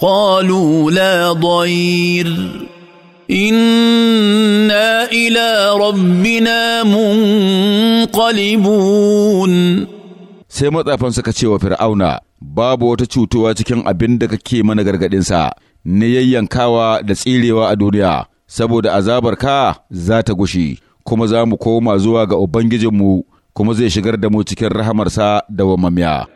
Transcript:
قالوا لا ضير انا الى ربنا منقلبون sai matsafan suka ce wa fir'auna babu wata cutuwa cikin abin da kake mana gargadinsa, na yayyankawa da tsirewa a duniya saboda azabar ka za ta gushi kuma za mu koma zuwa ga ubangijinmu kuma zai shigar da mu cikin rahamarsa da wamamiya.